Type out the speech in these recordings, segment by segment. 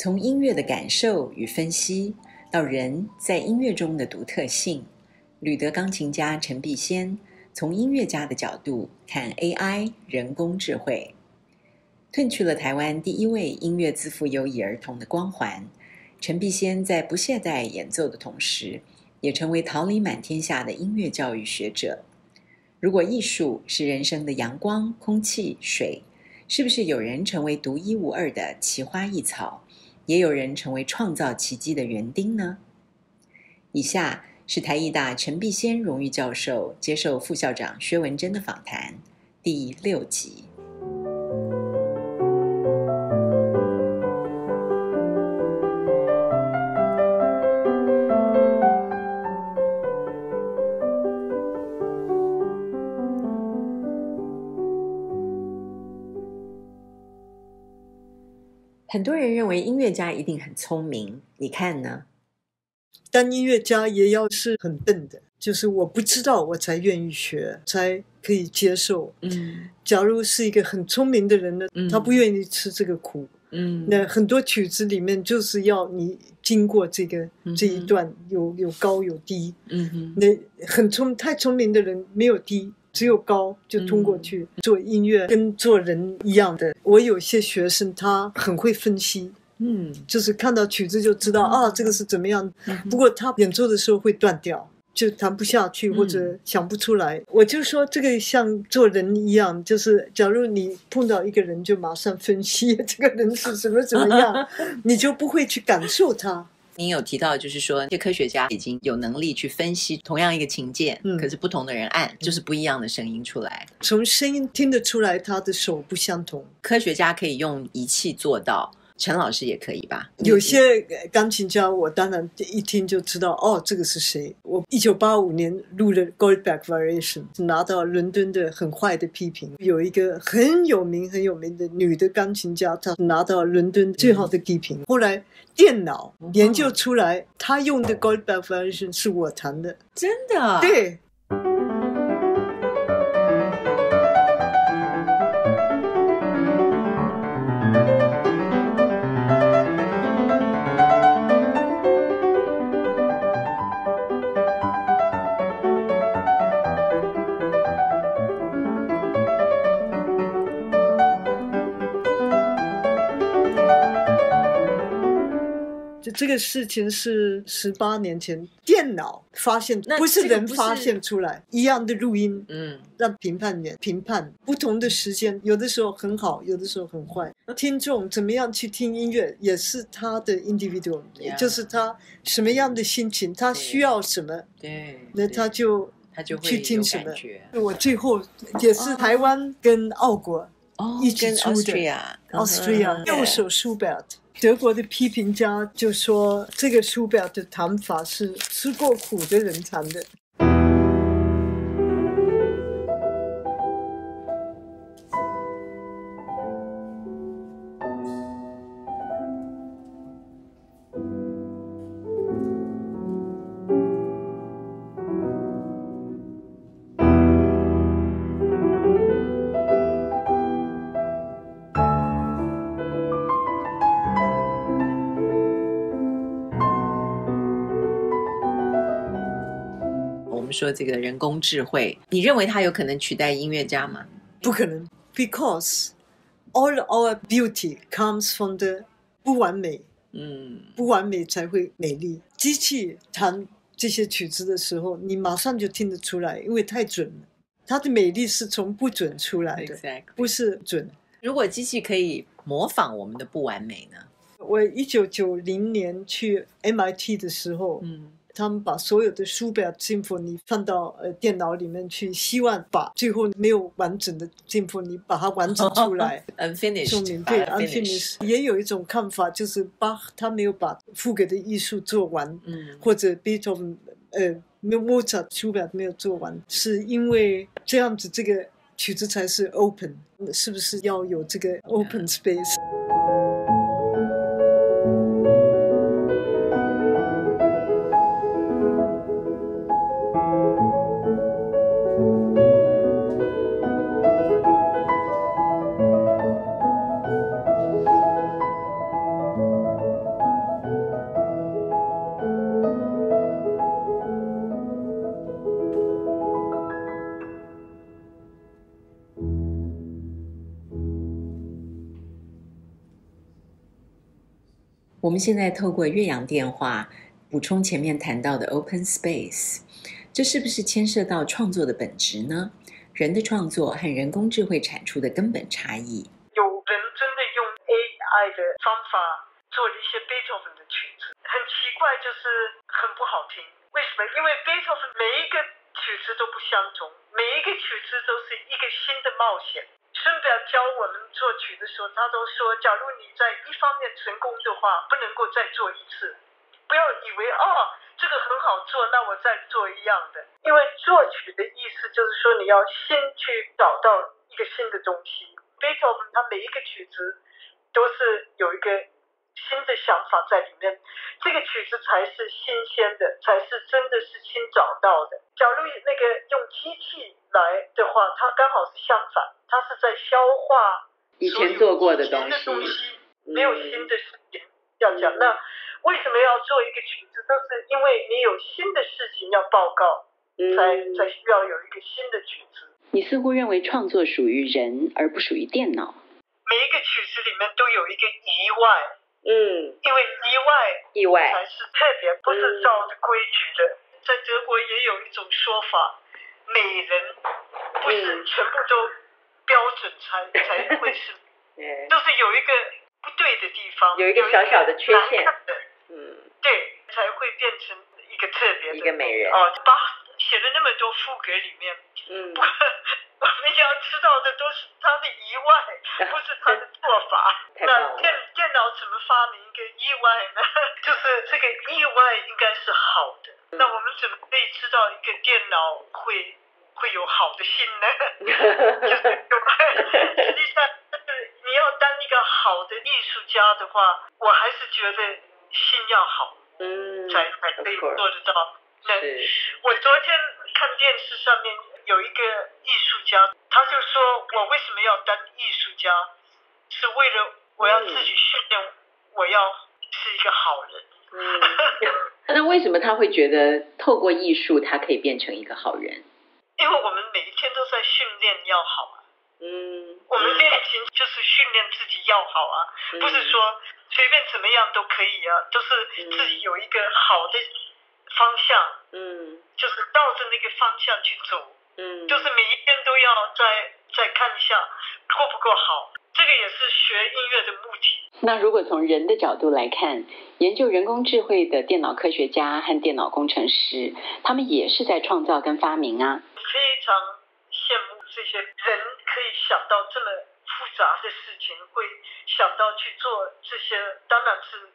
從音樂的感受與分析，到人在音樂中的獨特性，旅德鋼琴家陳必先從音樂家的角度看 AI 人工智慧。褪去了台灣第一位音樂資賦優異兒童的光環，陳必先在不懈怠演奏的同時，也成為桃李滿天下的音樂教育學者。如果藝術是人生的陽光、空氣、水，是不是有人成為獨一無二的奇花異草，也有人成為創造奇蹟的園丁呢？以下是台藝大陳必先榮譽教授接受副校長薛文珍的訪談第六集。很多人認為音樂家一定很聰明，你看呢？當音樂家也要是很笨的，就是我不知道我才願意學，才可以接受。嗯，假如是一個很聰明的人呢，他不願意吃這個苦。嗯，那很多曲子裡面就是要你經過這個這一段有有高有低。嗯哼，那很聰太聰明的人沒有低。只有高就通過去做音樂、嗯、跟做人一樣的。我有些學生他很會分析，嗯，就是看到曲子就知道、嗯、啊，這個是怎麼樣。嗯、不過他演奏的時候會斷掉，就彈不下去或者想不出來。嗯、我就說這個像做人一樣，就是假如你碰到一個人，就馬上分析這個人是什麼怎麼樣， 你就不會去感受他。您有提到，就是說，一些科學家已經有能力去分析同樣一個琴鍵，嗯，可是不同的人按，就是不一樣的聲音出來。從聲音聽得出來，他的手不相同。科學家可以用儀器做到，陳老師也可以吧？有些鋼琴家，我當然一聽就知道，哦，這個是誰？我一九八五年錄了《Goldberg Variation》，拿到倫敦的很壞的批評。有一個很有名很有名的女的鋼琴家，她拿到倫敦最好的批評。嗯，後來。電腦研究出來，嗯、他用的 Goldberg version 是我彈的，真的，對。這個事情是十八年前電腦發現，不是人發現出來一樣的錄音。嗯，讓評判員評判不同的時間，有的時候很好，有的時候很壞。聽眾怎麼樣去聽音樂，也是他的 individual，就是他什麼樣的心情，他需要什麼。對，那他就他就會去聽什麼。我最後也是台灣跟奧國，一直出的 Austria，Austria 右手 Schubert 德國的批評家就說：“這個書表的彈法是吃過苦的人彈的。”說這個人工智慧，你認為它有可能取代音樂家嗎？不可能，because all our beauty comes from the 不完美，嗯，不完美才會美麗。機器彈這些曲子的時候，你馬上就聽得出來，因為太準了。它的美麗是從不準出來的，Exactly，不是準。如果機器可以模仿我們的不完美呢？我一九九零年去 MIT 的時候，嗯。他們把所有的 Schubert Symphony，放到呃電腦裡面去，希望把最後沒有完整的 Symphony 把它完整出來，unfinished，說明對 unfinished 也有一種看法，就是巴赫他沒有把賦格的藝術做完，嗯、或者 Beethoven 呃莫札特 Schubert 沒有做完，是因為這樣子這個曲子，才是 open，是不是要有這個 open space？Yeah. 我們現在透過越洋電話補充前面談到的 open space，這是不是牽涉到創作的本質呢？人的創作和人工智慧產出的根本差異？有人真的用 AI 的方法做了一些貝多芬的曲子，很奇怪，就是很不好聽。為什麼？因為貝多芬每一個曲子都不相同，每一個曲子都是一個新的冒險。順便教我們作曲的時候，他都說，假如你在一方面成功的話，不能夠再做一次。不要以為啊、哦，這個很好做，那我再做一樣的。因為作曲的意思就是說，你要先去找到一個新的東西。貝多芬他每一個曲子都是有一個新的想法在裡面，這個曲子才是新鮮的，才是真的是新找到的。假如那個用機器來的話，它剛好是相反。他是在消化以前做過的東西，沒有新的事情要講。嗯、那為什麼要做一個曲子？就是因為你有新的事情要報告，嗯、才才需要有一個新的曲子。你似乎認為創作屬於人而不屬於電腦。每一個曲子裡面都有一個意外，嗯，因為意外意外才是特別，不是照着規矩的。嗯、在德國也有一種說法，每人不是全部都。標準才才會是，都 對是有一個不對的地方，有一個小小的缺陷，的嗯，對，才會變成一個特別的美人哦。巴哈寫了那麼多賦格裡面，嗯，不我們要知道的都是他的意外，不是他的做法。 了那電電腦怎麼發明一個意外呢？就是這個意外應該是好的，嗯、那我們怎麼可以知道一個電腦會？會有好的心呢，就是實際上，你要當一個好的藝術家的話，我還是覺得心要好，嗯、mm，才才可以做得到。那我昨天看電視上面有一個藝術家，他就說我為什麼要當藝術家，是為了我要自己訓練，我要是一個好人。嗯。那為什麼他會覺得透過藝術，他可以變成一個好人？因為我們每一天都在訓練要好啊，嗯，我們練琴就是訓練自己要好啊，不是說隨便怎麼樣都可以啊，都是自己有一個好的方向，嗯，就是照着那個方向去走。嗯，就是每一天都要再再看一下夠不夠好，這個也是學音樂的目的。那如果從人的角度來看，研究人工智慧的電腦科學家和電腦工程師，他們也是在創造跟發明啊。非常羨慕這些人可以想到這麼複雜的事情，會想到去做這些，當然是。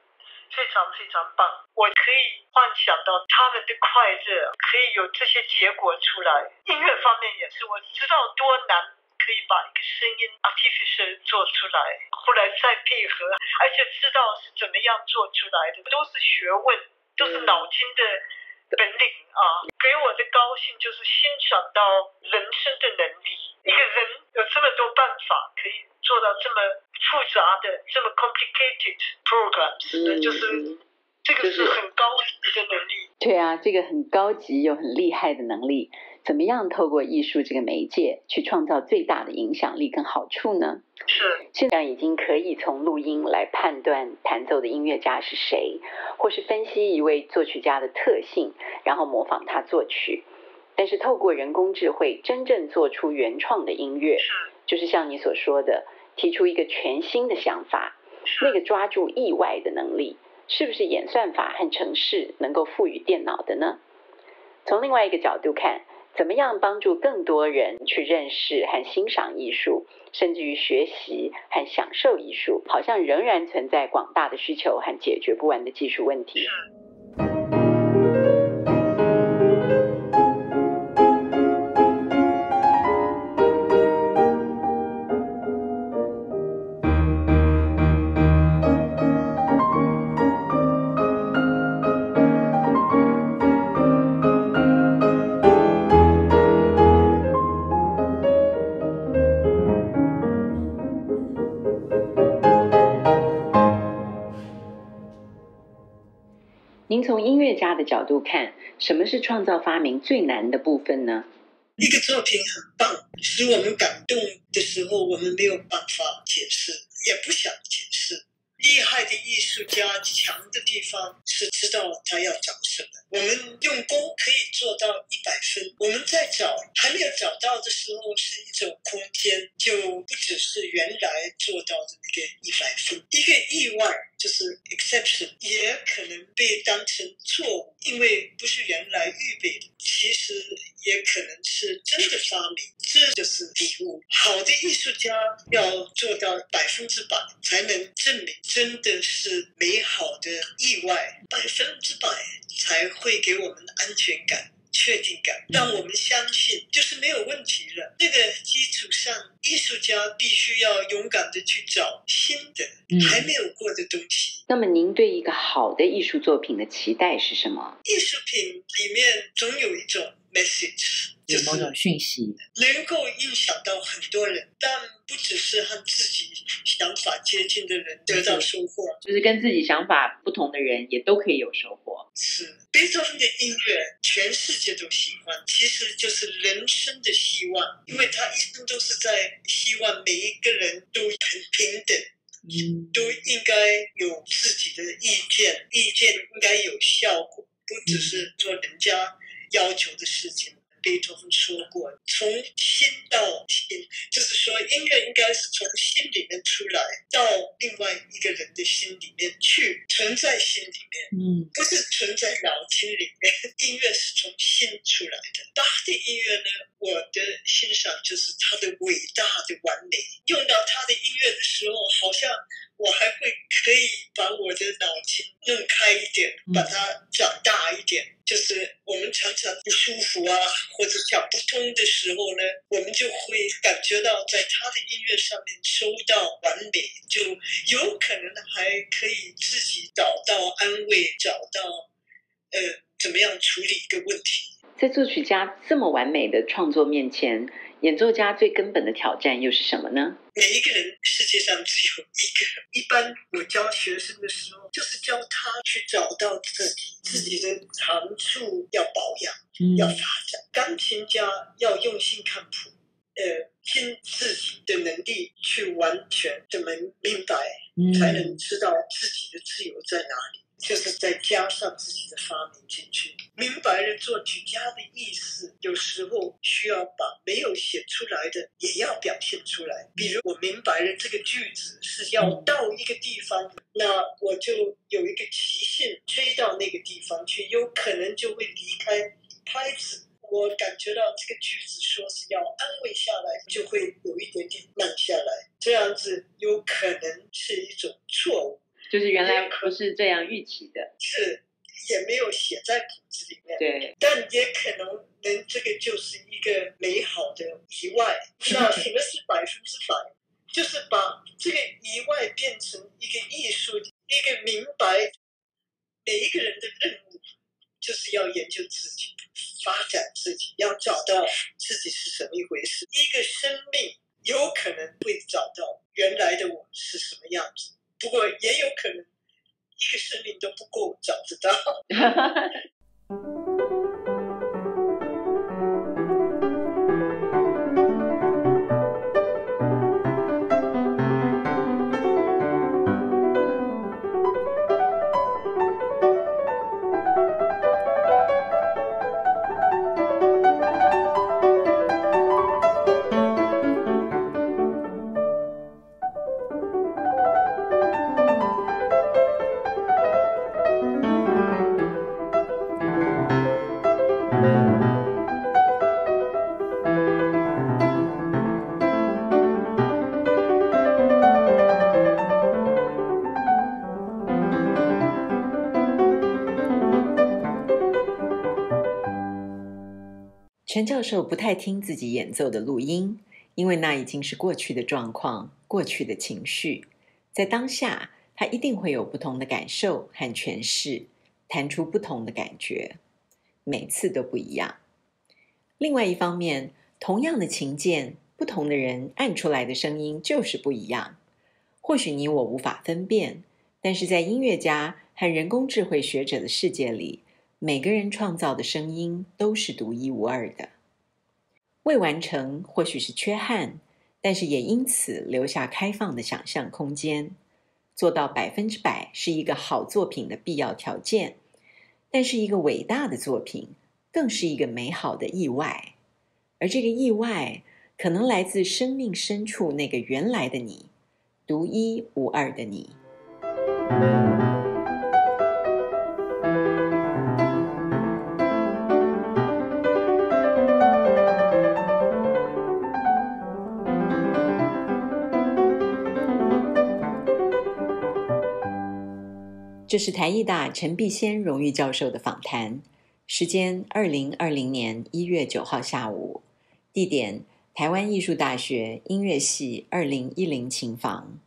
非常非常棒！我可以幻想到他們的快樂，可以有這些結果出來。音樂方面也是，我知道多難，可以把一個聲音 artificial 做出來，後來再配合，而且知道是怎麼樣做出來的，都是學問，都是腦筋的。嗯本領啊，給我的高興就是欣賞到人生的能力。一個人有這麼多辦法可以做到這麼複雜的這麼 complicated programs 的，嗯、就是。這個是很高級的能力，就是。對啊，這個很高級又很厲害的能力，怎麼樣透過藝術這個媒介去創造最大的影響力跟好處呢？是。現在已經可以從錄音來判斷彈奏的音樂家是誰，或是分析一位作曲家的特性，然後模仿他作曲。但是透過人工智慧真正做出原創的音樂，是就是像你所說的，提出一個全新的想法，是那個抓住意外的能力。是不是演算法和程式能夠賦予電腦的呢？從另外一個角度看，怎麼樣幫助更多人去認識和欣賞藝術，甚至於學習和享受藝術，好像仍然存在廣大的需求和解決不完的技術問題。您從音樂家的角度看，什麼是創造發明最難的部分呢？一個作品很棒，使我們感動的時候，我們沒有辦法解釋，也不想解釋。厲害的藝術家強的地方是知道他要找什麼。我們用功可以做到一百分，我們在找還沒有找到的時候是一種空間，就不只是原來做到的那個一百分。一個意外就是 exception，也可能被當成錯誤，因為不是原來預備的。其實也可能是真的發明，這就是禮物。好的藝術家要做到百分之百，才能證明真的是美好的意外，百分之百才，會給我們的安全感、確定感，讓我們相信就是沒有問題了。嗯、這個基礎上，藝術家必須要勇敢的去找新的、嗯、還沒有過的東西。那麼，您對一個好的藝術作品的期待是什麼？藝術品裡面總有一種。message 就是某種訊息，能夠影響到很多人，但不只是和自己想法接近的人得到收穫，對對，就是跟自己想法不同的人也都可以有收穫。是貝多芬的音樂，India, 全世界都喜歡，其實就是人生的希望，因為他一生都是在希望每一個人都很平等，嗯、都應該有自己的意見，啊、意見應該有效果，不只是做人家。嗯要求的事情，貝多芬說過：“從心到心，就是說音樂應該是從心裡面出來，到另外一個人的心裡面去，存在心裡面，嗯，不是存在腦筋裡面。音樂是從心出來的。他的音樂呢，我的欣賞就是他的偉大的完美。用到他的音樂的時候，好像。”我還會可以把我的腦筋弄開一點，把它長大一點。嗯。就是我們常常不舒服啊，或者想不通的時候呢，我們就會感覺到在他的音樂上面收到完美，就有可能還可以自己找到安慰，找到呃，怎麼樣處理一個問題。在作曲家這麼完美的創作面前。演奏家最根本的挑戰又是什麼呢？每一個人，世界上只有一個。一般我教學生的時候，就是教他去找到自己自己的長處，要保養，要發展。鋼琴家要用心看譜，呃，盡自己的能力去完全的能明白，才能知道自己的自由在哪裡。就是再加上自己的發明進去，明白了作曲家的意思，有時候需要把沒有寫出來的也要表現出來。比如我明白了這個句子是要到一個地方，那我就有一個極限追到那個地方去，有可能就會離開拍子。我感覺到這個句子說是要安慰下來，就會有一點點慢下來，這樣子有可能是一種錯誤。就是原來不是這樣預期的，是也沒有寫在譜子裡面，對。但也可能，能這個就是一個美好的意外。那什麼是百分之百？就是把這個意外變成一個藝術，一個明白。每一個人的任務就是要研究自己，發展自己，要找到自己是什麼一回事。一個生命有可能。陳教授不太聽自己演奏的錄音，因為那已經是過去的狀況、過去的情緒。在當下，他一定會有不同的感受和詮釋，彈出不同的感覺，每次都不一樣。另外一方面，同樣的琴鍵，不同的人按出來的聲音就是不一樣。或許你我無法分辨，但是在音樂家和人工智慧學者的世界裡，每個人創造的聲音都是獨一無二的。未完成，或許是缺憾，但是也因此留下開放的想象空間。做到百分之百是一個好作品的必要條件，但是一個偉大的作品更是一個美好的意外。而這個意外可能來自生命深處那個原來的你，獨一無二的你。這是台藝大陳必先榮譽教授的訪談，時間二零二零年一月九號下午，地點台灣藝術大學音樂系二零一零琴房，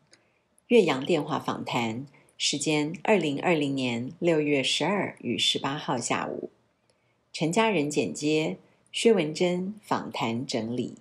越洋電話訪談時間二零二零年六月十二與十八號下午，陳嘉壬剪接，薛文珍訪談整理。